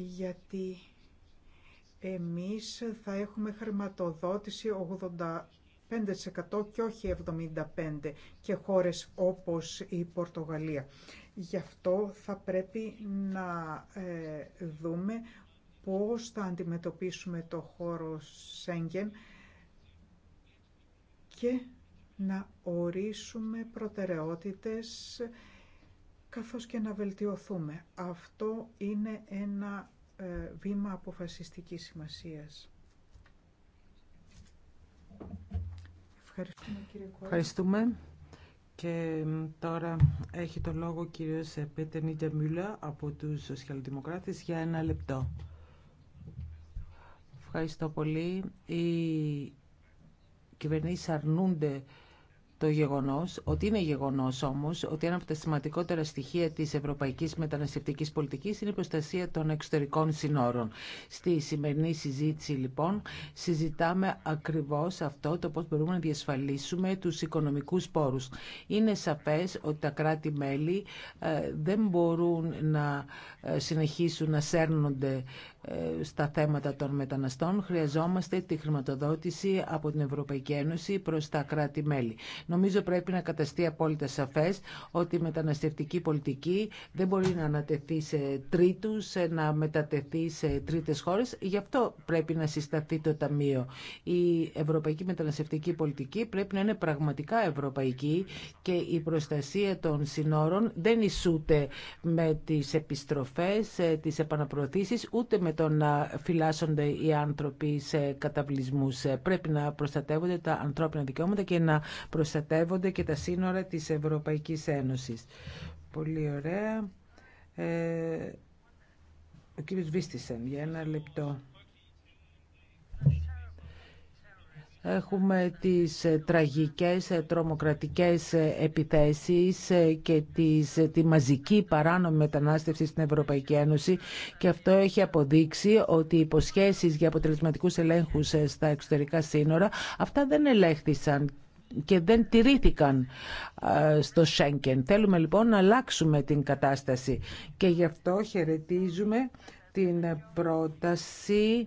γιατί εμείς θα έχουμε χρηματοδότηση 85% και όχι 75% και χώρες όπως η Πορτογαλία. Γι' αυτό θα πρέπει να ε, δούμε πώς θα αντιμετωπίσουμε το χώρο Σέγγεν και να ορίσουμε προτεραιότητες καθώς και να βελτιωθούμε. Αυτό είναι ένα ε, βήμα αποφασιστικής σημασίας. Ευχαριστούμε κύριε Κόρη. Ευχαριστούμε. Και τώρα έχει το λόγο ο κύριος ε, Πέτερ Μιούλα από τους Σοσιαλδημοκράτες για ένα λεπτό. Ευχαριστώ πολύ. Οι κυβερνήσεις αρνούνται το γεγονός, ότι είναι γεγονός όμως, ότι ένα από τα σημαντικότερα στοιχεία της ευρωπαϊκής μεταναστευτικής πολιτικής είναι η προστασία των εξωτερικών συνόρων. Στη σημερινή συζήτηση λοιπόν συζητάμε ακριβώς αυτό το πώς μπορούμε να διασφαλίσουμε τους οικονομικούς πόρους. Είναι σαφές ότι τα κράτη-μέλη ε, δεν μπορούν να ε, συνεχίσουν να σέρνονται στα θέματα των μεταναστών χρειαζόμαστε τη χρηματοδότηση από την Ευρωπαϊκή Ένωση προς τα κράτη-μέλη. Νομίζω πρέπει να καταστεί απόλυτα σαφές ότι η μεταναστευτική πολιτική δεν μπορεί να ανατεθεί σε τρίτους, να μετατεθεί σε τρίτες χώρες. Γι' αυτό πρέπει να συσταθεί το Ταμείο. Η Ευρωπαϊκή Μεταναστευτική Πολιτική πρέπει να είναι πραγματικά ευρωπαϊκή και η προστασία των συνόρων δεν ισούται με τις επιστροφές, ε, τις επαναπροωθήσεις, ούτε με το να φυλάσσονται οι άνθρωποι σε καταβλισμού. Πρέπει να προστατεύονται τα ανθρώπινα δικαιώματα και να προστατεύονται και τα σύνορα της Ευρωπαϊκή Ένωσης. Πολύ ωραία. Ε, ο κύριος Βίστησεν για ένα λεπτό. Έχουμε τις τραγικές τρομοκρατικές επιθέσεις και τις, τη μαζική παράνομη μετανάστευση στην Ευρωπαϊκή Ένωση και αυτό έχει αποδείξει ότι οι υποσχέσεις για αποτελεσματικούς ελέγχους στα εξωτερικά σύνορα αυτά δεν ελέγχθησαν και δεν τηρήθηκαν στο Σέγγεν. Θέλουμε λοιπόν να αλλάξουμε την κατάσταση και γι' αυτό χαιρετίζουμε την πρόταση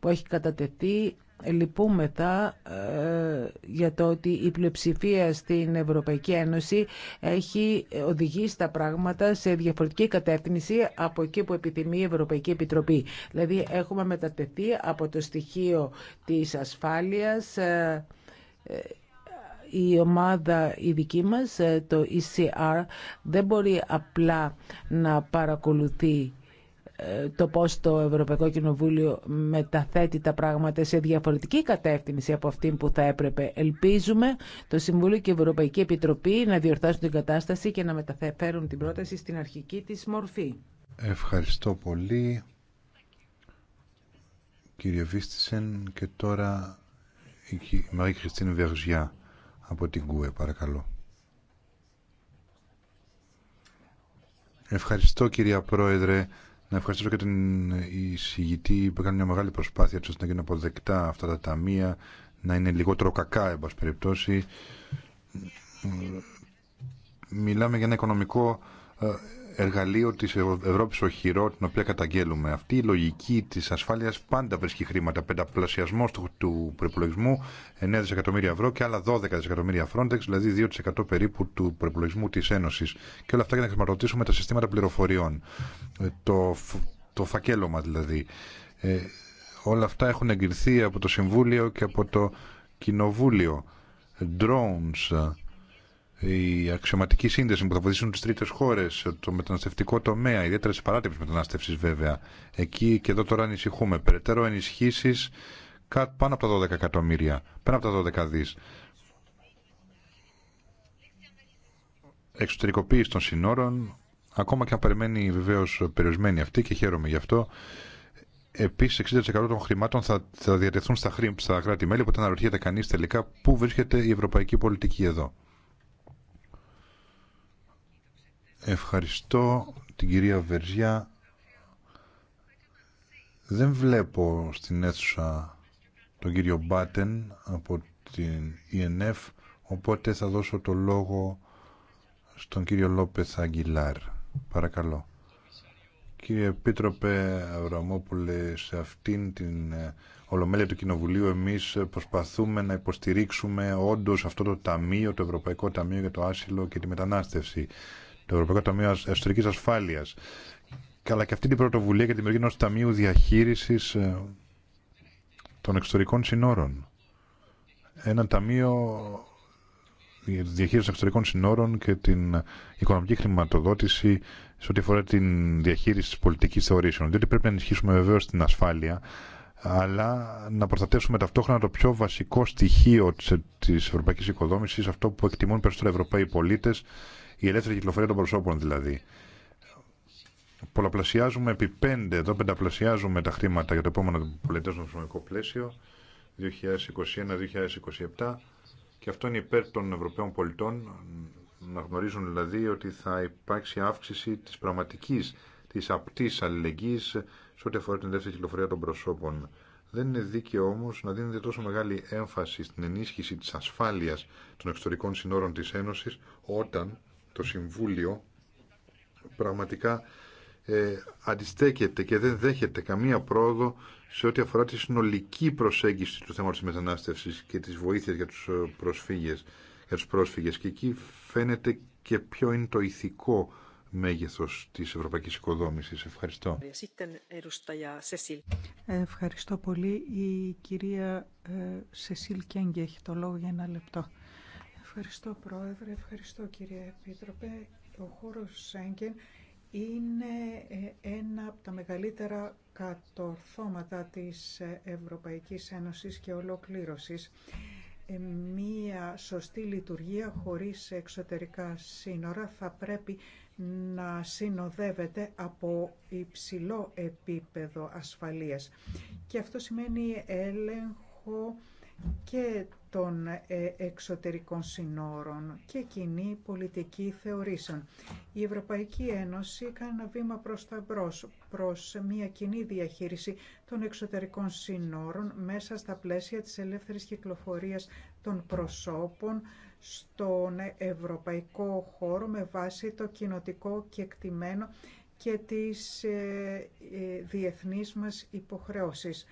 που έχει κατατεθεί λυπούμεθα ε, για το ότι η πλειοψηφία στην Ευρωπαϊκή Ένωση έχει οδηγήσει τα πράγματα σε διαφορετική κατεύθυνση από εκεί που επιθυμεί η Ευρωπαϊκή Επιτροπή. Δηλαδή έχουμε μετατεθεί από το στοιχείο της ασφάλειας ε, ε, η ομάδα η δική μας, ε, το ECR, δεν μπορεί απλά να παρακολουθεί ε, το πώς το Ευρωπαϊκό Κοινοβούλιο μεταθέτει τα πράγματα σε διαφορετική κατεύθυνση από αυτή που θα έπρεπε. Ελπίζουμε το Συμβούλιο και η Ευρωπαϊκή Επιτροπή να διορθώσουν την κατάσταση και να μεταφέρουν την πρόταση στην αρχική της μορφή. Ευχαριστώ πολύ κύριε Βίστησεν και τώρα η Μαρή Χριστίν Βεργιά από την ΚΟΕ παρακαλώ. Ευχαριστώ κύριε Πρόεδρε. Να ευχαριστήσω και την εισηγητή που έκανε μια μεγάλη προσπάθεια ώστε να γίνουν αποδεκτά αυτά τα ταμεία, να είναι λιγότερο κακά, εν πάση περιπτώσει. Μιλάμε για ένα οικονομικό ε, εργαλείο της Ευρώπης οχυρό την οποία καταγγέλουμε. Αυτή η λογική της ασφάλειας πάντα βρίσκει χρήματα. Πενταπλασιασμός του, του προπολογισμού 9 δισεκατομμύρια ευρώ και άλλα 12 δισεκατομμύρια Frontex, δηλαδή 2% περίπου του προπολογισμού της Ένωσης. Και όλα αυτά για να χρηματοδοτήσουμε τα συστήματα πληροφοριών. Ε, το, το φακέλωμα δηλαδή. Ε, όλα αυτά έχουν εγκριθεί από το Συμβούλιο και από το Κοινοβούλιο. Drones, η αξιωματική σύνδεση που θα βοηθήσουν τι τρίτε χώρε, το μεταναστευτικό τομέα, ιδιαίτερα τη παράτυπε μετανάστευση βέβαια. Εκεί και εδώ τώρα ανησυχούμε. Περαιτέρω ενισχύσει πάνω από τα 12 εκατομμύρια, από τα 12 δι. Εξωτερικοποίηση των συνόρων, ακόμα και αν περιμένει βεβαίω περιορισμένη αυτή και χαίρομαι γι' αυτό. Επίση, 60% των χρημάτων θα, θα διατεθούν στα, χρή, στα κράτη-μέλη, οπότε αναρωτιέται κανεί τελικά πού βρίσκεται η ευρωπαϊκή πολιτική εδώ. Ευχαριστώ την κυρία Βερζιά. Δεν βλέπω στην αίθουσα τον κύριο Μπάτεν από την ΕΝΕΦ, e οπότε θα δώσω το λόγο στον κύριο Λόπεθ Αγγιλάρ. Παρακαλώ. Κύριε Επίτροπε Αβραμόπουλε, σε αυτήν την ε, Ολομέλεια του Κοινοβουλίου εμείς προσπαθούμε να υποστηρίξουμε όντως αυτό το ταμείο, το Ευρωπαϊκό Ταμείο για το Άσυλο και τη Μετανάστευση το Ευρωπαϊκό Ταμείο Εσωτερική Ασφάλεια, αλλά και αυτή την πρωτοβουλία για τη δημιουργία ενό Ταμείου Διαχείριση ε, των Εξωτερικών Συνόρων. Ένα Ταμείο για τη διαχείριση εξωτερικών συνόρων και την οικονομική χρηματοδότηση σε ό,τι αφορά την διαχείριση τη πολιτική θεωρήσεων. Διότι πρέπει να ενισχύσουμε βεβαίω την ασφάλεια, αλλά να προστατεύσουμε ταυτόχρονα το πιο βασικό στοιχείο τη ευρωπαϊκή οικοδόμηση, αυτό που εκτιμούν περισσότερο Ευρωπαίοι πολίτε, η ελεύθερη κυκλοφορία των προσώπων δηλαδή. Πολλαπλασιάζουμε επί πέντε, εδώ πενταπλασιάζουμε τα χρήματα για το επόμενο οικονομικο νομισματικό πλαίσιο 2021-2027 και αυτό είναι υπέρ των Ευρωπαίων πολιτών να γνωρίζουν δηλαδή ότι θα υπάρξει αύξηση της πραγματικής, της απτής αλληλεγγύης σε ό,τι αφορά την ελεύθερη κυκλοφορία των προσώπων. Δεν είναι δίκαιο όμω να δίνεται τόσο μεγάλη έμφαση στην ενίσχυση τη ασφάλεια των εξωτερικών συνόρων τη Ένωση, όταν το Συμβούλιο πραγματικά ε, αντιστέκεται και δεν δέχεται καμία πρόοδο σε ό,τι αφορά τη συνολική προσέγγιση του θέματος της μετανάστευσης και της βοήθειας για τους ε, προσφύγες, για τους πρόσφυγες. Και εκεί φαίνεται και ποιο είναι το ηθικό μέγεθος της ευρωπαϊκής οικοδόμησης. Ευχαριστώ. Ευχαριστώ πολύ. Η κυρία ε, Σεσίλ Κέγγι έχει το λόγο για ένα λεπτό. Ευχαριστώ Πρόεδρε, ευχαριστώ κύριε Επίτροπε. Ο χώρος Σέγγεν είναι ε, ένα από τα μεγαλύτερα κατορθώματα της ε, Ευρωπαϊκής Ένωσης και ολοκλήρωσης. Ε, μία σωστή λειτουργία χωρίς εξωτερικά σύνορα θα πρέπει να συνοδεύεται από υψηλό επίπεδο ασφαλείας. Και αυτό σημαίνει έλεγχο και των ε, εξωτερικών συνόρων και κοινή πολιτική θεωρήσεων. Η Ευρωπαϊκή Ένωση κάνει ένα βήμα προς τα μπρος, προς μια κοινή διαχείριση των εξωτερικών συνόρων μέσα στα πλαίσια της ελεύθερης κυκλοφορίας των προσώπων στον ευρωπαϊκό χώρο με βάση το κοινοτικό κεκτημένο και τις ε, ε, διεθνείς μας υποχρεώσεις.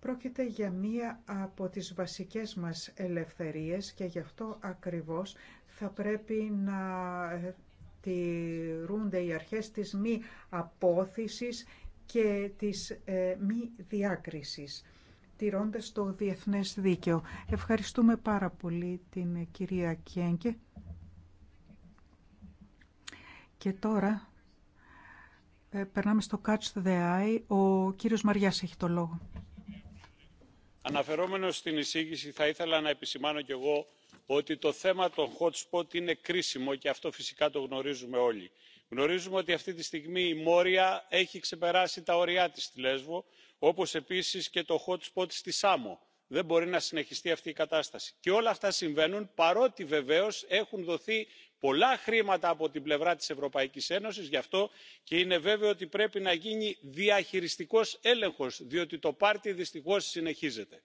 Πρόκειται για μία από τις βασικές μας ελευθερίες και γι' αυτό ακριβώς θα πρέπει να τηρούνται οι αρχές της μη απόθυσης και της ε, μη διάκρισης, τηρώντας το διεθνές δίκαιο. Ευχαριστούμε πάρα πολύ την κυρία Κιέγκε. Και τώρα ε, περνάμε στο Catch the Eye. Ο κύριος Μαριάς έχει το λόγο αναφερόμενος στην εισήγηση θα ήθελα να επισημάνω κι εγώ ότι το θέμα των hot είναι κρίσιμο και αυτό φυσικά το γνωρίζουμε όλοι. γνωρίζουμε ότι αυτή τη στιγμή η μόρια έχει ξεπεράσει τα όρια της στη λέσβο όπως επίσης και το hot spot στη σάμο. δεν μπορεί να συνεχιστεί αυτή η κατάσταση. και όλα αυτά συμβαίνουν παρότι βεβαίως έχουν δοθεί πολλά χρήματα από την πλευρά της ευρωπαϊκής ένωσης γι' αυτό και είναι βέβαιο ότι πρέπει να γίνει διαχειριστικός έλεγχος διότι το πάρτι δυστυχώς συνεχίζεται.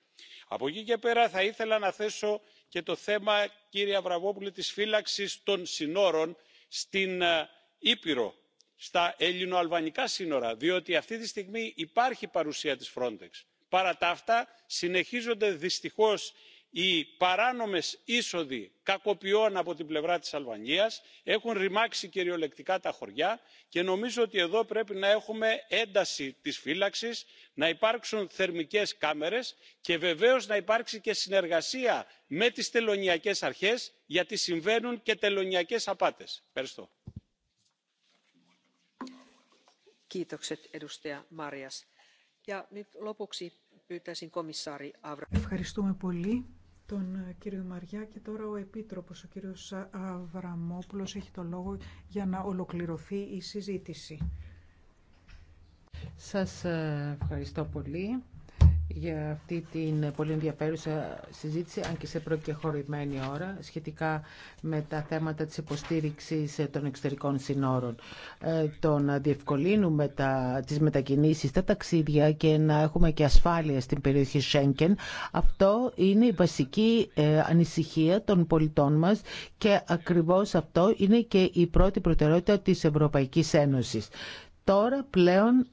από εκεί και πέρα θα ήθελα να θέσω και το θέμα κύριε αβραμόπουλε της φύλαξης των συνόρων στην ε, ήπειρο στα ελληνοαλβανικά σύνορα διότι αυτή τη στιγμή υπάρχει παρουσία της frontex. παρά τα αυτά συνεχίζονται δυστυχώς οι παράνομες είσοδοι κακοποιών από την πλευρά της αλβανίας έχουν ρημάξει κυριολεκτικά τα χωριά και νομίζω ότι εδώ πρέπει να έχουμε ένταση της φύλαξης να υπάρξουν θερμικές κάμερες και βεβαίως να υπάρξει και συνεργασία με τις τελωνειακές αρχές γιατί συμβαίνουν και τελωνειακές απάτες. ευχαριστώ. Ευχαριστούμε πολύ τον ε, κύριο Μαριά και τώρα ο Επίτροπος, ο κύριος Αβραμόπουλος, έχει το λόγο για να ολοκληρωθεί η συζήτηση. Σας ε, ευχαριστώ πολύ για αυτή την πολύ ενδιαφέρουσα συζήτηση, αν και σε προκεχωρημένη ώρα, σχετικά με τα θέματα της υποστήριξης των εξωτερικών συνόρων. Ε, το να διευκολύνουμε τα, τις μετακινήσεις, τα ταξίδια και να έχουμε και ασφάλεια στην περιοχή Σέγκεν, αυτό είναι η βασική ε, ανησυχία των πολιτών μας και ακριβώς αυτό είναι και η πρώτη προτεραιότητα της Ευρωπαϊκής Ένωσης. Τώρα πλέον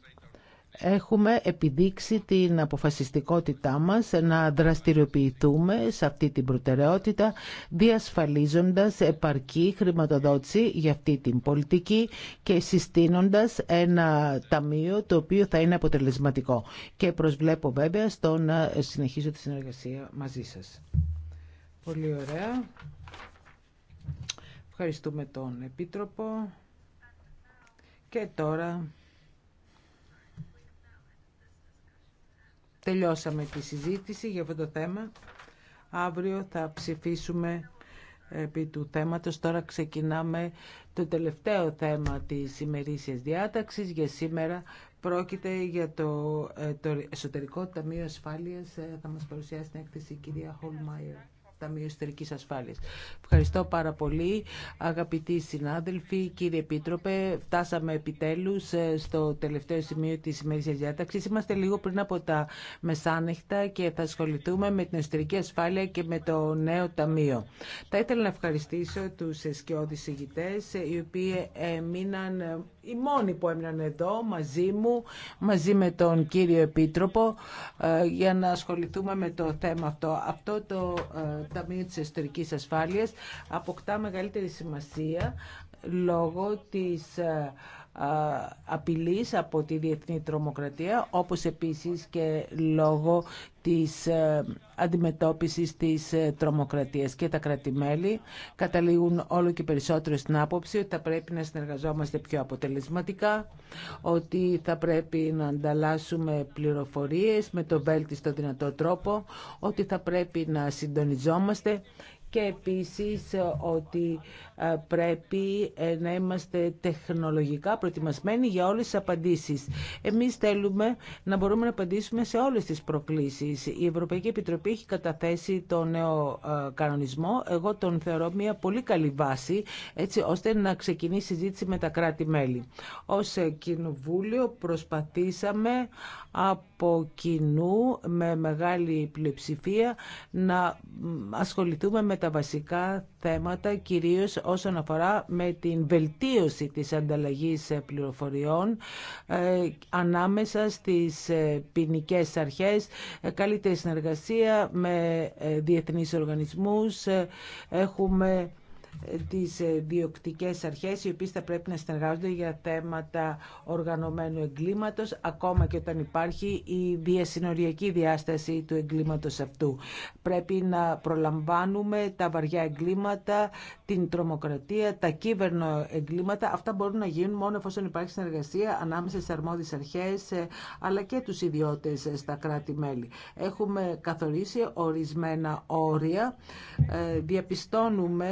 έχουμε επιδείξει την αποφασιστικότητά μας να δραστηριοποιηθούμε σε αυτή την προτεραιότητα διασφαλίζοντας επαρκή χρηματοδότηση για αυτή την πολιτική και συστήνοντας ένα ταμείο το οποίο θα είναι αποτελεσματικό. Και προσβλέπω βέβαια στο να συνεχίσω τη συνεργασία μαζί σας. Πολύ ωραία. Ευχαριστούμε τον Επίτροπο. Και τώρα... Τελειώσαμε τη συζήτηση για αυτό το θέμα. Αύριο θα ψηφίσουμε επί του θέματος. Τώρα ξεκινάμε το τελευταίο θέμα της ημερήσιας διάταξης για σήμερα. Πρόκειται για το, ε, το Εσωτερικό Ταμείο Ασφάλειας. Ε, θα μας παρουσιάσει την έκθεση η κυρία Χολμάιερ. Ταμείου Ιστορικής Ασφάλειας. Ευχαριστώ πάρα πολύ αγαπητοί συνάδελφοι, κύριε Επίτροπε. Φτάσαμε επιτέλους ε, στο τελευταίο σημείο της σημερινής διάταξης. Είμαστε λίγο πριν από τα μεσάνυχτα και θα ασχοληθούμε με την ιστορική ασφάλεια και με το νέο ταμείο. Θα ήθελα να ευχαριστήσω τους σκιώδη ηγητές, οι οποίοι μείναν οι μόνοι που έμειναν εδώ μαζί μου, μαζί με τον κύριο Επίτροπο, ε, για να ασχοληθούμε με το θέμα αυτό. Αυτό το ε, Ταμείο της Εσωτερικής Ασφάλειας αποκτά μεγαλύτερη σημασία λόγω της ε, απειλής από τη διεθνή τρομοκρατία, όπως επίσης και λόγω της ε, αντιμετώπισης της ε, τρομοκρατίας και τα κρατημέλη καταλήγουν όλο και περισσότερο στην άποψη ότι θα πρέπει να συνεργαζόμαστε πιο αποτελεσματικά, ότι θα πρέπει να ανταλλάσσουμε πληροφορίες με το βέλτιστο δυνατό τρόπο, ότι θα πρέπει να συντονιζόμαστε και επίσης ότι ε, πρέπει ε, να είμαστε τεχνολογικά προετοιμασμένοι για όλες τις απαντήσεις. Εμείς θέλουμε να μπορούμε να απαντήσουμε σε όλες τις προκλήσεις. Η Ευρωπαϊκή Επιτροπή έχει καταθέσει το νέο ε, κανονισμό. Εγώ τον θεωρώ μια πολύ καλή βάση, έτσι ώστε να ξεκινήσει η συζήτηση με τα κράτη-μέλη. Ως Κοινοβούλιο προσπαθήσαμε από κοινού με μεγάλη πλειοψηφία να ασχοληθούμε με τα βασικά θέματα, κυρίως όσον αφορά με την βελτίωση της ανταλλαγής ε, πληροφοριών ε, ανάμεσα στις ε, ποινικέ αρχές, καλύτερη συνεργασία με διεθνείς οργανισμούς. Έχουμε τις ε, διοκτικές αρχές οι οποίες θα πρέπει να συνεργάζονται για θέματα οργανωμένου εγκλήματος ακόμα και όταν υπάρχει η διασυνοριακή διάσταση του εγκλήματος αυτού. Πρέπει να προλαμβάνουμε τα βαριά εγκλήματα, την τρομοκρατία, τα κύβερνο εγκλήματα. Αυτά μπορούν να γίνουν μόνο εφόσον υπάρχει συνεργασία ανάμεσα στις αρμόδιες αρχές ε, αλλά και τους ιδιώτες ε, στα κράτη-μέλη. Έχουμε καθορίσει ορισμένα όρια. Διαπιστώνουμε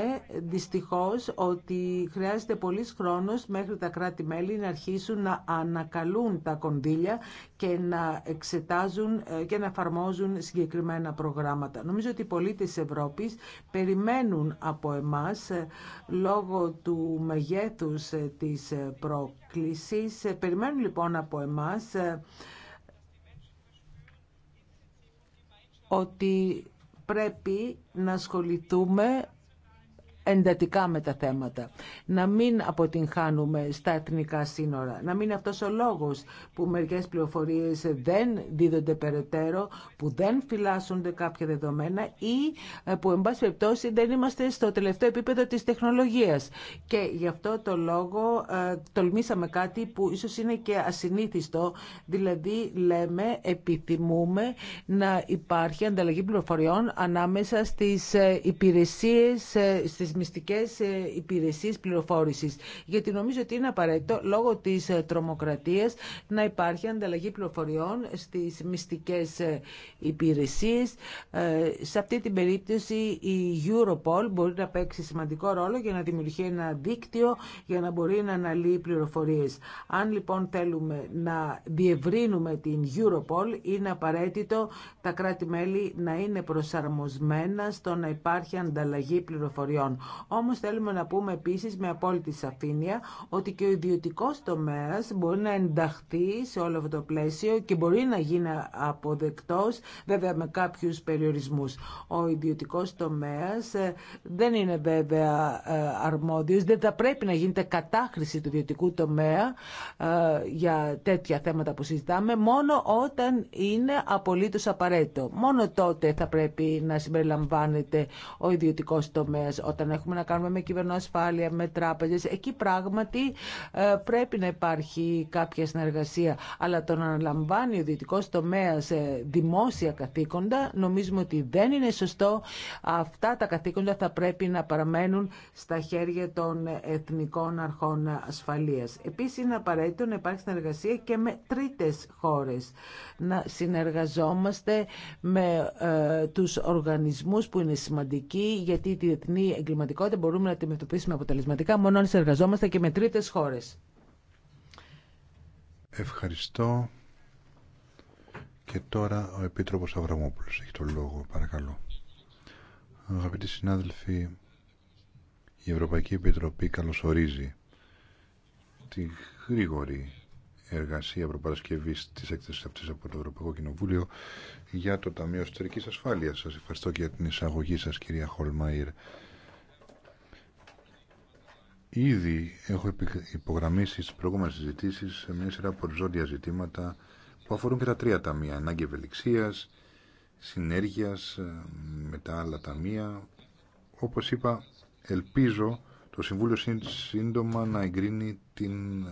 δυστυχώς ότι χρειάζεται πολύς χρόνος μέχρι τα κράτη-μέλη να αρχίσουν να ανακαλούν τα κονδύλια και να εξετάζουν ε, και να εφαρμόζουν συγκεκριμένα προγράμματα. Νομίζω ότι οι πολίτες της Ευρώπης περιμένουν από εμάς ε, λόγω του μεγέθους ε, της πρόκλησης. Περιμένουν λοιπόν από εμάς ότι πρέπει να ασχοληθούμε εντατικά με τα θέματα. Να μην αποτυγχάνουμε στα εθνικά σύνορα. Να μην είναι αυτός ο λόγος που μερικές πληροφορίες δεν δίδονται περαιτέρω, που δεν φυλάσσονται κάποια δεδομένα ή ε, που, εν πάση περιπτώσει, δεν είμαστε στο τελευταίο επίπεδο της τεχνολογίας. Και γι' αυτό το λόγο ε, τολμήσαμε κάτι που ίσως είναι και ασυνήθιστο. Δηλαδή, λέμε, επιθυμούμε να υπάρχει ανταλλαγή πληροφοριών ανάμεσα στις ε, υπηρεσίες, μυστικές ε, υπηρεσίες πληροφόρησης. Γιατί νομίζω ότι είναι απαραίτητο λόγω της ε, τρομοκρατίας να υπάρχει ανταλλαγή πληροφοριών στις μυστικές ε, υπηρεσίες. Σε αυτή την περίπτωση η Europol μπορεί να παίξει σημαντικό ρόλο για να δημιουργεί ένα δίκτυο για να μπορεί να αναλύει πληροφορίες. Αν λοιπόν θέλουμε να διευρύνουμε την Europol είναι απαραίτητο τα κράτη-μέλη να είναι προσαρμοσμένα στο να υπάρχει ανταλλαγή πληροφοριών. Όμως θέλουμε να πούμε επίσης με απόλυτη σαφήνεια ότι και ο ιδιωτικό τομέας μπορεί να ενταχθεί σε όλο αυτό το πλαίσιο και μπορεί να γίνει αποδεκτός βέβαια με κάποιους περιορισμούς. Ο ιδιωτικό τομέας ε, δεν είναι βέβαια ε, αρμόδιος, δεν θα πρέπει να γίνεται κατάχρηση του ιδιωτικού τομέα ε, για τέτοια θέματα που συζητάμε μόνο όταν είναι απολύτως απαραίτητο. Μόνο τότε θα πρέπει να συμπεριλαμβάνεται ο ιδιωτικό τομέας όταν έχουμε να κάνουμε με ασφάλεια, με τράπεζες. Εκεί πράγματι ε, πρέπει να υπάρχει κάποια συνεργασία. Αλλά το να αναλαμβάνει ο δυτικό τομέα ε, δημόσια καθήκοντα νομίζουμε ότι δεν είναι σωστό. Αυτά τα καθήκοντα θα πρέπει να παραμένουν στα χέρια των εθνικών αρχών ασφαλεία. Επίσης είναι απαραίτητο να υπάρχει συνεργασία και με τρίτε χώρε Να συνεργαζόμαστε με ε, τους οργανισμούς που είναι σημαντικοί γιατί τη διεθνή μπορούμε να αντιμετωπίσουμε αποτελεσματικά μόνο αν συνεργαζόμαστε και με τρίτες χώρες. Ευχαριστώ. Και τώρα ο Επίτροπος Αβραμόπουλος έχει το λόγο, παρακαλώ. Αγαπητοί συνάδελφοι, η Ευρωπαϊκή Επιτροπή καλωσορίζει τη γρήγορη εργασία προπαρασκευή τη έκθεση αυτή από το Ευρωπαϊκό Κοινοβούλιο για το Ταμείο Εσωτερική Ασφάλεια. Σα ευχαριστώ και για την εισαγωγή σα, κυρία Χολμάιρ. Ήδη έχω υπογραμμίσει στις προηγούμενες συζητήσεις σε μια σειρά από ζητήματα που αφορούν και τα τρία ταμεία. Ανάγκη ευελιξίας, συνέργειας ε, με τα άλλα ταμεία. Όπως είπα, ελπίζω το Συμβούλιο σύντομα να εγκρίνει την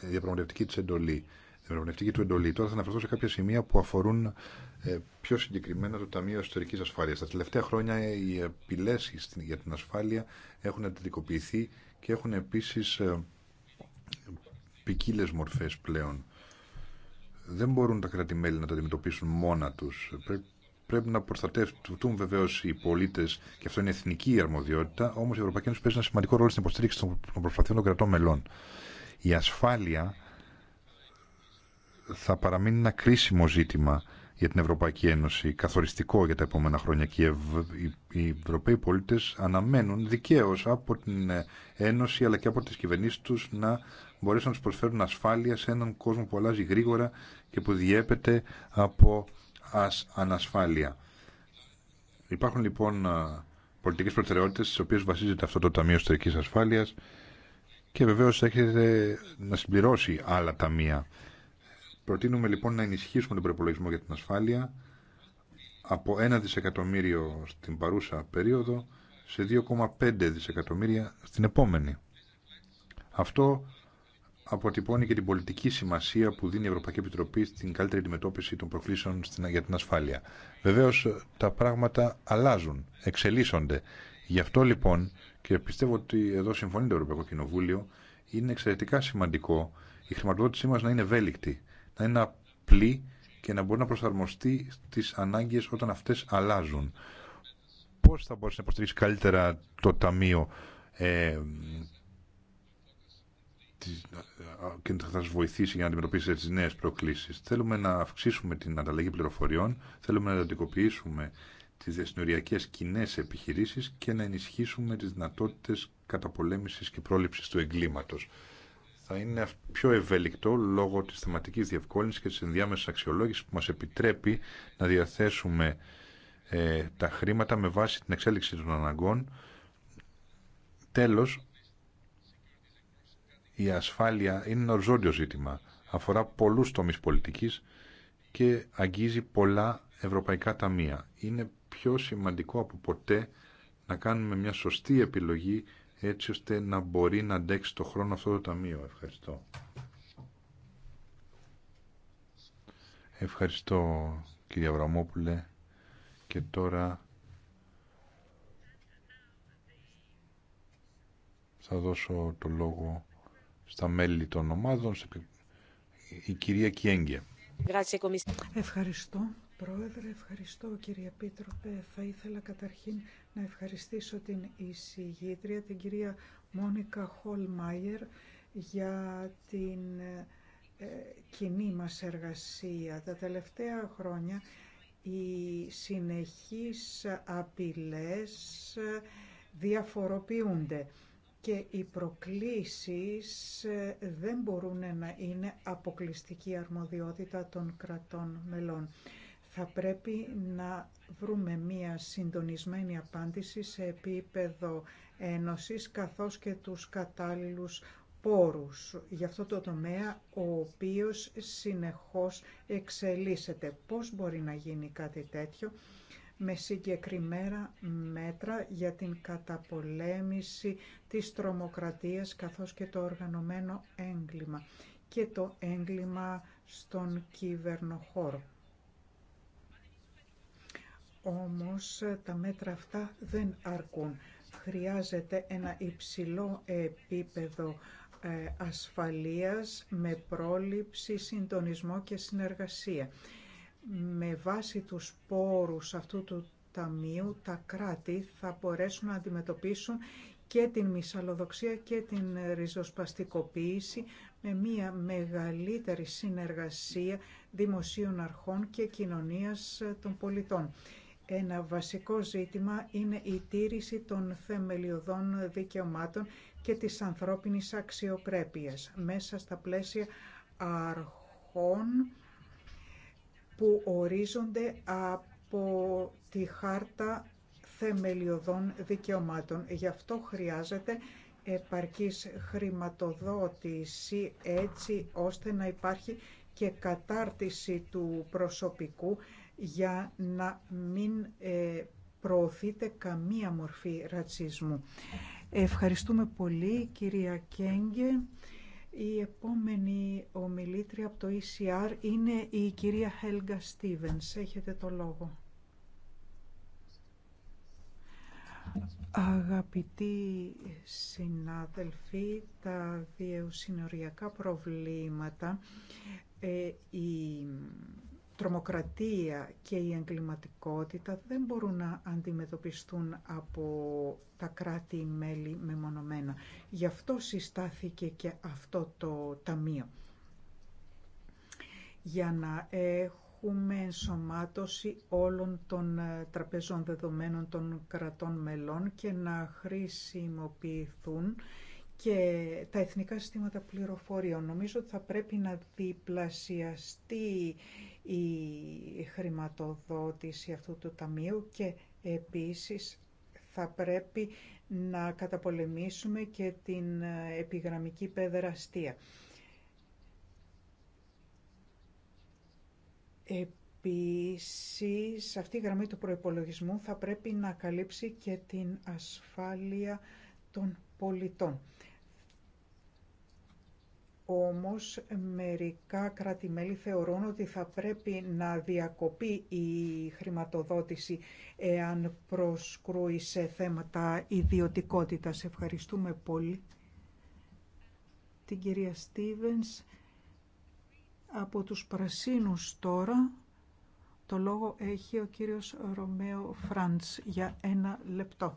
διαπραγματευτική της εντολή. Διαπραγματευτική του εντολή. Τώρα θα αναφερθώ σε κάποια σημεία που αφορούν ε, πιο συγκεκριμένα το Ταμείο Εσωτερικής Ασφάλειας. Τα τελευταία χρόνια οι επιλέσεις για την ασφάλεια έχουν αντιδικοποιηθεί και έχουν επίσης ε, ποικίλε μορφές πλέον. Δεν μπορούν τα κράτη-μέλη να τα αντιμετωπίσουν μόνα τους. Πρέπει να προστατεύσουν βεβαίω οι πολίτε και αυτό είναι εθνική αρμοδιότητα, όμω η Ευρωπαϊκή Ένωση παίζει ένα σημαντικό ρόλο στην υποστήριξη των προσπαθειών των κρατών μελών. Η ασφάλεια θα παραμείνει ένα κρίσιμο ζήτημα για την Ευρωπαϊκή Ένωση, καθοριστικό για τα επόμενα χρόνια και οι, Ευρωπαίοι πολίτες αναμένουν δικαίως από την Ένωση αλλά και από τις κυβερνήσεις τους να μπορέσουν να τους προσφέρουν ασφάλεια σε έναν κόσμο που αλλάζει γρήγορα και που διέπεται από ας ανασφάλεια. Υπάρχουν λοιπόν πολιτικές προτεραιότητες στις οποίες βασίζεται αυτό το Ταμείο Ιστορικής Ασφάλειας και βεβαίως έχετε να συμπληρώσει άλλα ταμεία. Προτείνουμε λοιπόν να ενισχύσουμε τον προπολογισμό για την ασφάλεια από 1 δισεκατομμύριο στην παρούσα περίοδο σε 2,5 δισεκατομμύρια στην επόμενη. Αυτό αποτυπώνει και την πολιτική σημασία που δίνει η Ευρωπαϊκή Επιτροπή στην καλύτερη αντιμετώπιση των προκλήσεων για την ασφάλεια. Βεβαίω τα πράγματα αλλάζουν, εξελίσσονται. Γι' αυτό λοιπόν, και πιστεύω ότι εδώ συμφωνεί το Ευρωπαϊκό Κοινοβούλιο, είναι εξαιρετικά σημαντικό η χρηματοδότησή μα να είναι ευέλικτη να είναι απλή και να μπορεί να προσαρμοστεί στις ανάγκες όταν αυτές αλλάζουν. Πώς θα μπορέσει να υποστηρίξει καλύτερα το Ταμείο ε, ε και θα σας βοηθήσει για να αντιμετωπίσετε τις νέες προκλήσεις. Θέλουμε να αυξήσουμε την ανταλλαγή πληροφοριών, θέλουμε να εντατικοποιήσουμε τις διασυνοριακέ κοινέ επιχειρήσεις και να ενισχύσουμε τις δυνατότητες καταπολέμησης και πρόληψης του εγκλήματος θα είναι πιο ευέλικτο λόγω της θεματικής διευκόλυνσης και της ενδιάμεσης αξιολόγησης που μας επιτρέπει να διαθέσουμε ε, τα χρήματα με βάση την εξέλιξη των αναγκών. Τέλος, η ασφάλεια είναι ένα οριζόντιο ζήτημα. Αφορά πολλούς τομείς πολιτικής και αγγίζει πολλά ευρωπαϊκά ταμεία. Είναι πιο σημαντικό από ποτέ να κάνουμε μια σωστή επιλογή έτσι ώστε να μπορεί να αντέξει το χρόνο αυτό το ταμείο. Ευχαριστώ. Ευχαριστώ κύριε Αβραμόπουλε και τώρα θα δώσω το λόγο στα μέλη των ομάδων, η κυρία Κιέγγε. Ευχαριστώ. Πρόεδρε, ευχαριστώ κύριε Πίτροπε. Θα ήθελα καταρχήν να ευχαριστήσω την εισηγήτρια, την κυρία Μόνικα Χολμάιερ, για την ε, κοινή μας εργασία. Τα τελευταία χρόνια οι συνεχείς απειλές διαφοροποιούνται και οι προκλήσεις ε, δεν μπορούν να είναι αποκλειστική αρμοδιότητα των κρατών μελών θα πρέπει να βρούμε μία συντονισμένη απάντηση σε επίπεδο ένωσης καθώς και τους κατάλληλους πόρους για αυτό το τομέα ο οποίος συνεχώς εξελίσσεται. Πώς μπορεί να γίνει κάτι τέτοιο με συγκεκριμένα μέτρα για την καταπολέμηση της τρομοκρατίας καθώς και το οργανωμένο έγκλημα και το έγκλημα στον κυβερνοχώρο. Όμως τα μέτρα αυτά δεν αρκούν. Χρειάζεται ένα υψηλό επίπεδο ε, ασφαλείας με πρόληψη, συντονισμό και συνεργασία. Με βάση τους πόρους αυτού του ταμείου, τα κράτη θα μπορέσουν να αντιμετωπίσουν και την μυσαλλοδοξία και την ριζοσπαστικοποίηση με μια μεγαλύτερη συνεργασία δημοσίων αρχών και κοινωνίας των πολιτών. Ένα βασικό ζήτημα είναι η τήρηση των θεμελιωδών δικαιωμάτων και της ανθρώπινης αξιοπρέπειας μέσα στα πλαίσια αρχών που ορίζονται από τη χάρτα θεμελιωδών δικαιωμάτων. Γι' αυτό χρειάζεται επαρκής χρηματοδότηση έτσι ώστε να υπάρχει και κατάρτιση του προσωπικού για να μην ε, προωθείτε καμία μορφή ρατσισμού. Ευχαριστούμε πολύ κυρία Κέγγε. Η επόμενη ομιλήτρια από το ECR είναι η κυρία Χέλγκα Στίβενς. Έχετε το λόγο. Αγαπητοί συνάδελφοι, τα διευσυνοριακά προβλήματα, ε, η τρομοκρατία και η εγκληματικότητα δεν μπορούν να αντιμετωπιστούν από τα κράτη-μέλη μεμονωμένα. Γι' αυτό συστάθηκε και αυτό το ταμείο. Για να έχουμε ενσωμάτωση όλων των ε, τραπεζών δεδομένων των κρατών μελών και να χρησιμοποιηθούν και τα εθνικά συστήματα πληροφοριών. Νομίζω ότι θα πρέπει να διπλασιαστεί η χρηματοδότηση αυτού του ταμείου και επίσης θα πρέπει να καταπολεμήσουμε και την επιγραμμική παιδεραστία. Επίσης, αυτή η γραμμή του προϋπολογισμού θα πρέπει να καλύψει και την ασφάλεια των πολιτών. Όμως μερικά κράτη-μέλη θεωρούν ότι θα πρέπει να διακοπεί η χρηματοδότηση εάν προσκρούει σε θέματα ιδιωτικότητας. Ευχαριστούμε πολύ την κυρία Στίβενς από τους Πρασίνους τώρα. Το λόγο έχει ο κύριος Ρωμαίο Φραντς για ένα λεπτό.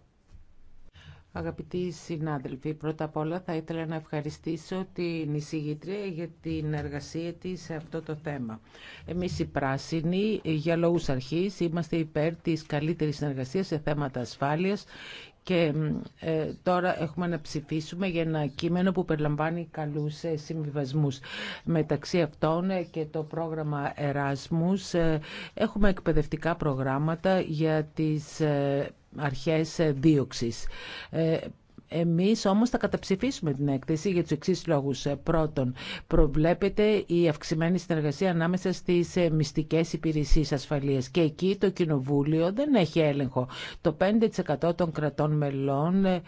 Αγαπητοί συνάδελφοι, πρώτα απ' όλα θα ήθελα να ευχαριστήσω την εισηγήτρια για την εργασία της σε αυτό το θέμα. Εμείς οι πράσινοι, για λόγους αρχής, είμαστε υπέρ της καλύτερης συνεργασίας σε θέματα ασφάλειας και ε, τώρα έχουμε να ψηφίσουμε για ένα κείμενο που περιλαμβάνει καλούς ε, συμβιβασμούς. Μεταξύ αυτών ε, και το πρόγραμμα Εράσμους έχουμε εκπαιδευτικά προγράμματα για τις ε, αρχές δίωξης. Εμείς όμως θα καταψηφίσουμε την έκθεση για του εξή λόγου. Πρώτον, προβλέπεται η αυξημένη συνεργασία ανάμεσα στι ε, μυστικές υπηρεσίες ασφαλείας και εκεί το Κοινοβούλιο δεν έχει έλεγχο. Το 5% των κρατών μελών ε,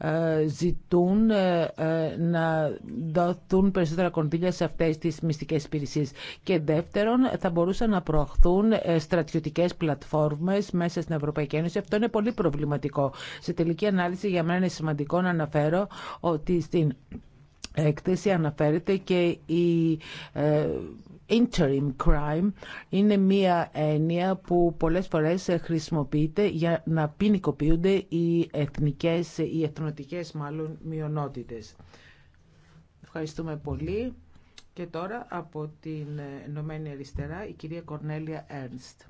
ε, ζητούν ε, ε, να δοθούν περισσότερα κονδύλια σε αυτές τις μυστικές υπηρεσίε. Και δεύτερον, θα μπορούσαν να προαχθούν στρατιωτικές πλατφόρμες μέσα στην Ευρωπαϊκή Ένωση. Αυτό είναι πολύ προβληματικό. Σε τελική ανάλυση για μένα είναι σημαντικό να αναφέρω ότι στην έκθεση αναφέρεται και η ε, interim crime είναι μία έννοια που πολλές φορές χρησιμοποιείται για να ποινικοποιούνται οι εθνικές, οι εθνοτικές μάλλον μειονότητες. Ευχαριστούμε πολύ. Και τώρα από την Ενωμένη Αριστερά η κυρία Κορνέλια Έρνστ.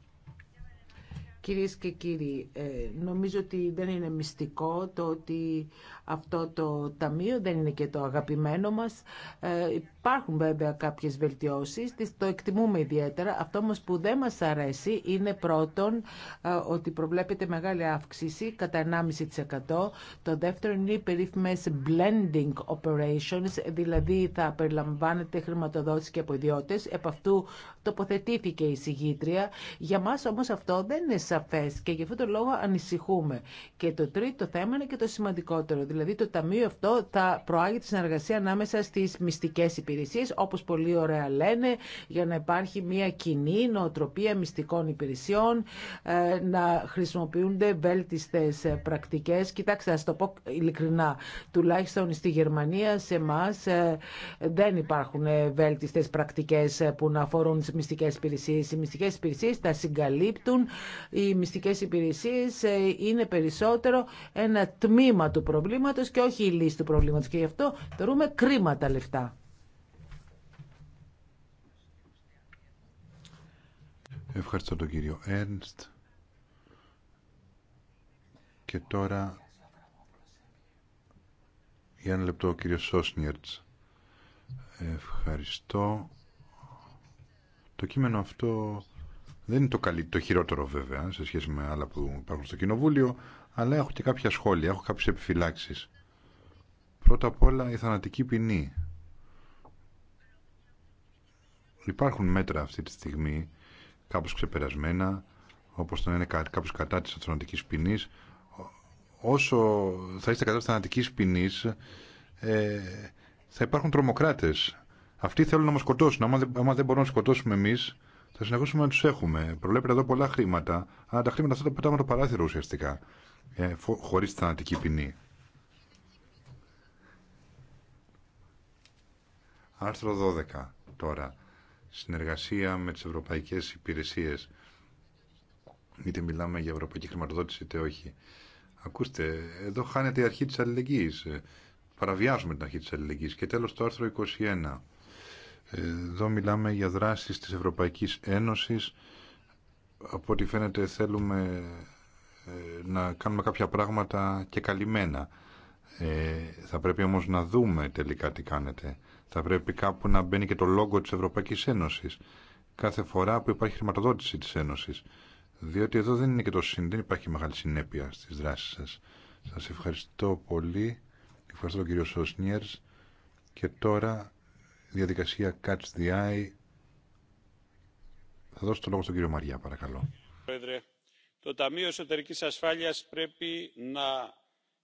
Κυρίες και κύριοι, ε, νομίζω ότι δεν είναι μυστικό το ότι αυτό το ταμείο δεν είναι και το αγαπημένο μας. Ε, Υπάρχουν βέβαια κάποιες βελτιώσεις, το εκτιμούμε ιδιαίτερα. Αυτό όμως που δεν μας αρέσει είναι πρώτον ε, ότι προβλέπεται μεγάλη αύξηση κατά 1,5%. Το δεύτερο είναι οι περίφημες blending operations, δηλαδή θα περιλαμβάνεται χρηματοδότηση και από ιδιώτες. Επ' αυτού τοποθετήθηκε η συγγήτρια. Για μας όμως αυτό δεν είναι σαφές και γι' αυτό το λόγο ανησυχούμε. Και το τρίτο θέμα είναι και το σημαντικότερο, δηλαδή το ταμείο αυτό θα προάγει τη συνεργασία ανάμεσα στις μυστικές υπηρεσίες υπηρεσίε, όπως πολύ ωραία λένε, για να υπάρχει μια κοινή νοοτροπία μυστικών υπηρεσιών, ε, να χρησιμοποιούνται βέλτιστέ ε, πρακτικές. Κοιτάξτε, α το πω ειλικρινά, τουλάχιστον στη Γερμανία, σε εμά ε, δεν υπάρχουν βέλτιστέ πρακτικές που να αφορούν τι μυστικέ υπηρεσίε. Οι μυστικέ υπηρεσίε τα συγκαλύπτουν. Οι μυστικές υπηρεσίες είναι περισσότερο ένα τμήμα του προβλήματο και όχι η λύση του προβλήματο. Και γι' αυτό θεωρούμε κρίμα τα λεφτά. Ευχαριστώ τον κύριο Έρνστ. Και τώρα για ένα λεπτό ο κύριος Σόσνιερτς. Ευχαριστώ. Το κείμενο αυτό δεν είναι το, καλύ, το χειρότερο βέβαια σε σχέση με άλλα που υπάρχουν στο Κοινοβούλιο, αλλά έχω και κάποια σχόλια, έχω κάποιες επιφυλάξεις. Πρώτα απ' όλα η θανατική ποινή. Υπάρχουν μέτρα αυτή τη στιγμή κάπως ξεπερασμένα, όπως το είναι κάποιος κατά της θανατικής ποινής. Όσο θα είστε κατά της θανατικής ποινής, ε, θα υπάρχουν τρομοκράτες. Αυτοί θέλουν να μας σκοτώσουν. Άμα δεν, δεν μπορούμε να σκοτώσουμε εμείς, θα συνεχίσουμε να τους έχουμε. Προβλέπετε εδώ πολλά χρήματα, αλλά τα χρήματα αυτά τα πετάμε το παράθυρο ουσιαστικά, ε, χωρίς θανατική ποινή. Άρθρο 12 τώρα συνεργασία με τις ευρωπαϊκές υπηρεσίες είτε μιλάμε για ευρωπαϊκή χρηματοδότηση είτε όχι. Ακούστε, εδώ χάνεται η αρχή της αλληλεγγύης. Παραβιάζουμε την αρχή της αλληλεγγύης. Και τέλος το άρθρο 21. Εδώ μιλάμε για δράσεις της Ευρωπαϊκής Ένωσης. Από ό,τι φαίνεται θέλουμε ε, να κάνουμε κάποια πράγματα και καλυμμένα. Ε, θα πρέπει όμως να δούμε τελικά τι κάνετε. Θα πρέπει κάπου να μπαίνει και το λόγο της Ευρωπαϊκής Ένωσης κάθε φορά που υπάρχει χρηματοδότηση της Ένωσης. Διότι εδώ δεν είναι και το δεν υπάρχει μεγάλη συνέπεια στις δράσεις σας. Σας ευχαριστώ πολύ. Ευχαριστώ τον κύριο Σοσνιέρς. Και τώρα διαδικασία Catch the Eye. Θα δώσω το λόγο στον κύριο Μαριά, παρακαλώ. Πρόεδρε, το Ταμείο Εσωτερικής Ασφάλειας πρέπει να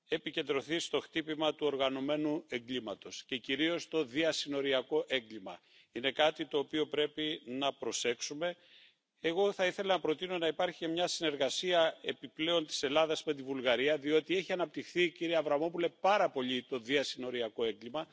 επικεντρωθεί στο χτύπημα του οργανωμένου εγκλήματος και κυρίως στο διασυνοριακό έγκλημα. είναι κάτι το οποίο πρέπει να προσέξουμε. εγώ θα ήθελα να προτείνω να υπάρχει μια συνεργασία επιπλέον της ελλάδας με τη βουλγαρία διότι έχει αναπτυχθεί κύριε αβραμόπουλε πάρα πολύ το διασυνοριακό έγκλημα.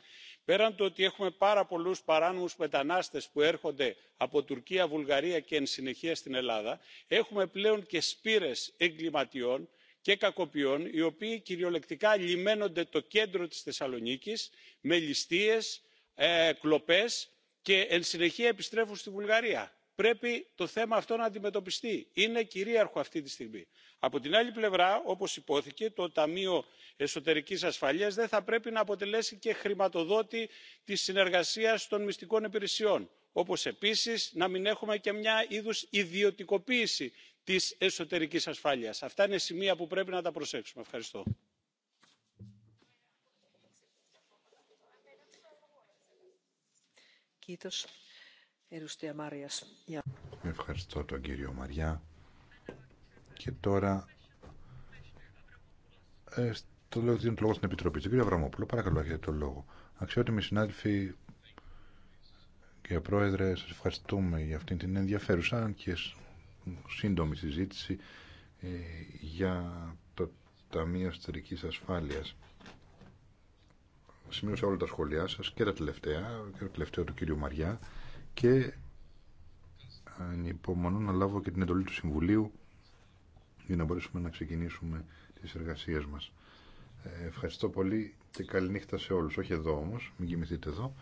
πέραν του ότι έχουμε πάρα πολλούς παράνομους μετανάστες που έρχονται από τουρκία βουλγαρία και εν συνεχεία στην ελλάδα έχουμε πλέον και σπήρες εγκληματιών και κακοποιών οι οποίοι κυριολεκτικά λιμένονται το κέντρο της θεσσαλονίκης με ληστείες ε, κλοπές και εν συνεχεία επιστρέφουν στη βουλγαρία. πρέπει το θέμα αυτό να αντιμετωπιστεί. είναι κυρίαρχο αυτή τη στιγμή. από την άλλη πλευρά όπως υπόθηκε το ταμείο εσωτερικής ασφαλείας δεν θα πρέπει να αποτελέσει και χρηματοδότη της συνεργασίας των μυστικών υπηρεσιών όπως επίσης να μην έχουμε και μια είδους ιδιωτικοποίηση της εσωτερικής ασφάλειας. αυτά είναι σημεία που πρέπει να τα προσέξουμε. ευχαριστώ. Ευχαριστώ τον κύριο Μαριά. Και τώρα ε, το λέω δίνω το λόγο στην Επιτροπή. Τον κύριο Αβραμόπουλο, παρακαλώ, έχετε το λόγο. Αξιότιμοι συνάδελφοι, Κύριε Πρόεδρε, σα ευχαριστούμε για αυτήν την ενδιαφέρουσα και σύντομη συζήτηση ε, για το Ταμείο εσωτερική ασφάλεια. Σημείωσα όλα τα σχόλιά σα και τα τελευταία, και το τελευταίο του κύριου Μαριά και ανυπομονώ να λάβω και την εντολή του Συμβουλίου για να μπορέσουμε να ξεκινήσουμε τις εργασίε μα. Ε, ευχαριστώ πολύ και καλή σε όλους. Όχι εδώ όμως, μην κοιμηθείτε εδώ.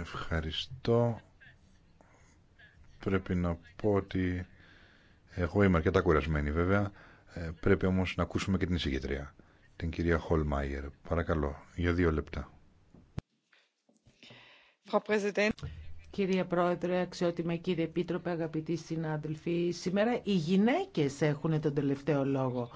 Ευχαριστώ. Πρέπει να πω ότι εγώ είμαι αρκετά κουρασμένη βέβαια. Ε, πρέπει όμως να ακούσουμε και την εισηγητρία, την κυρία Χολμάιερ. Παρακαλώ, για δύο λεπτά. Κύριε Πρόεδρε, αξιότιμα κύριε Επίτροπε, αγαπητοί συνάδελφοι, σήμερα οι γυναίκες έχουν τον τελευταίο λόγο.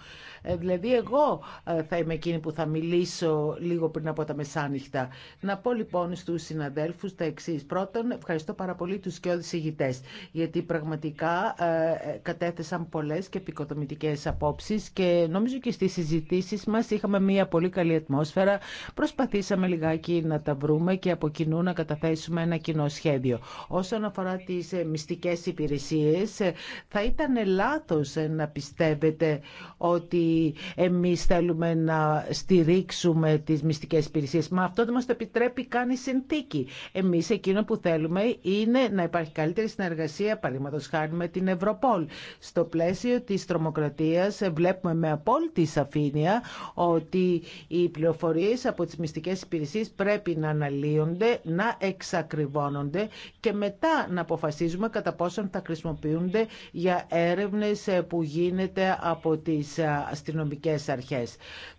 Ε, δηλαδή εγώ ε, θα είμαι εκείνη που θα μιλήσω λίγο πριν από τα μεσάνυχτα. Να πω λοιπόν στους συναδέλφους τα εξή. Πρώτον, ευχαριστώ πάρα πολύ τους και ηγητές, γιατί πραγματικά ε, κατέθεσαν πολλές και επικοδομητικές απόψεις και νομίζω και στις συζητήσεις μας είχαμε μια πολύ καλή ατμόσφαιρα. Προσπαθήσαμε λιγάκι να τα βρούμε και από κοινού να καταθέσουμε ένα κοινό σχέδιο σχέδιο. Όσον αφορά τις ε, μυστικές υπηρεσίες, ε, θα ήταν λάθος ε, να πιστεύετε ότι εμείς θέλουμε να στηρίξουμε τις μυστικές υπηρεσίες. Μα αυτό δεν μας το επιτρέπει καν η συνθήκη. Εμείς εκείνο που θέλουμε είναι να υπάρχει καλύτερη συνεργασία, παραδείγματο χάρη με την Ευρωπόλ. Στο πλαίσιο της τρομοκρατίας βλέπουμε με απόλυτη σαφήνεια ότι οι πληροφορίες από τις μυστικές υπηρεσίες πρέπει να αναλύονται, να εξακριβώνονται και μετά να αποφασίζουμε κατά πόσον θα χρησιμοποιούνται για έρευνες που γίνεται από τις ε, αστυνομικές αρχές.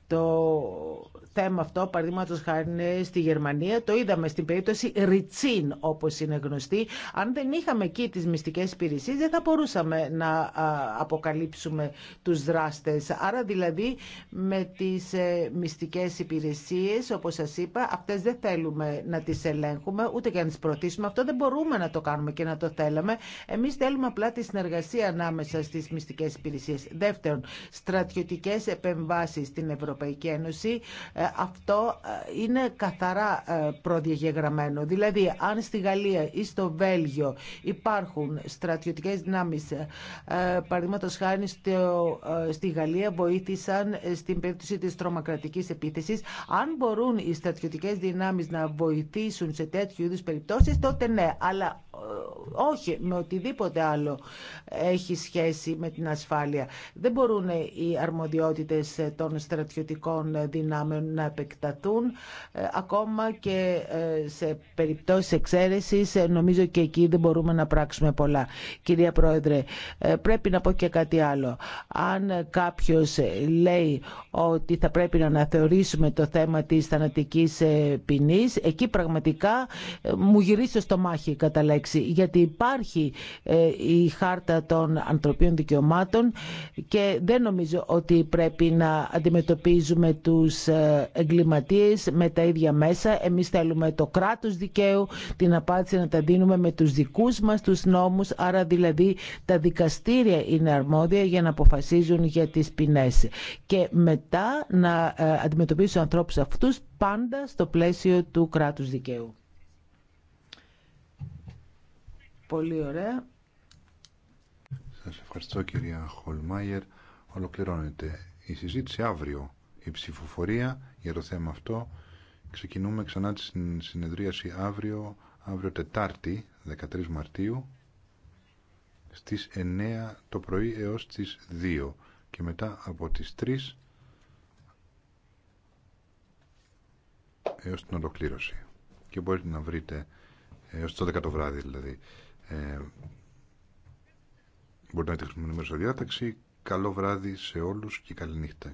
Το θέμα αυτό, παραδείγματο χάρη στη Γερμανία, το είδαμε στην περίπτωση Ριτσίν, όπω είναι γνωστή. Αν δεν είχαμε εκεί τι μυστικέ υπηρεσίε, δεν θα μπορούσαμε να αποκαλύψουμε του δράστε. Άρα, δηλαδή, με τι ε, μυστικέ υπηρεσίε, όπω σα είπα, αυτέ δεν θέλουμε να τι ελέγχουμε, ούτε και να τι προωθήσουμε. Αυτό δεν μπορούμε να το κάνουμε και να το θέλαμε. Εμεί θέλουμε απλά τη συνεργασία ανάμεσα στι μυστικέ υπηρεσίε. Δεύτερον, στρατιωτικέ επεμβάσει στην Ευρωπαϊκή Ευρωπαϊκή Ένωση, ε, αυτό ε, είναι καθαρά ε, προδιαγεγραμμένο. Δηλαδή, αν στη Γαλλία ή στο Βέλγιο υπάρχουν στρατιωτικές δυνάμεις, παραδείγματο χάρη στη Γαλλία βοήθησαν στην περίπτωση της τρομακρατικής επίθεση. αν μπορούν οι στρατιωτικές δυνάμεις να βοηθήσουν σε τέτοιου είδου περιπτώσεις, τότε ναι. Αλλά ε, όχι με οτιδήποτε άλλο έχει σχέση με την ασφάλεια. Δεν μπορούν οι αρμοδιότητες των στρατιωτικών δυνάμεων να επεκτατούν. Ε, ακόμα και ε, σε περιπτώσεις εξαίρεσης νομίζω και εκεί δεν μπορούμε να πράξουμε πολλά. Κυρία Πρόεδρε, πρέπει να πω και κάτι άλλο. Αν κάποιος λέει ότι θα πρέπει να αναθεωρήσουμε το θέμα της θανατικής ποινής, εκεί πραγματικά μου γυρίσει στο μάχη κατά λέξη γιατί υπάρχει ε, η χάρτα των ανθρωπίνων δικαιωμάτων και δεν νομίζω ότι πρέπει να αντιμετωπίζουμε τους ε, εγκληματίες με τα ίδια μέσα. Εμείς θέλουμε το κράτος δικαίου, την απάντηση να τα δίνουμε με τους δικούς μας τους νόμους, άρα δηλαδή τα δικαστήρια είναι αρμόδια για να αποφασίζουν για τις ποινές και μετά να ε, αντιμετωπίσουν ανθρώπους αυτούς πάντα στο πλαίσιο του κράτους δικαίου. Πολύ ωραία. Σας ευχαριστώ κυρία Χολμάιερ. Ολοκληρώνεται η συζήτηση αύριο. Η ψηφοφορία για το θέμα αυτό. Ξεκινούμε ξανά τη συνεδρίαση αύριο, αύριο Τετάρτη, 13 Μαρτίου, στις 9 το πρωί έως τις 2 και μετά από τις 3 έως την ολοκλήρωση. Και μπορείτε να βρείτε έως το 10 το βράδυ δηλαδή. Ε, μπορείτε να τη χρησιμοποιήσετε στη διάταξη. Καλό βράδυ σε όλους και καλή νύχτα.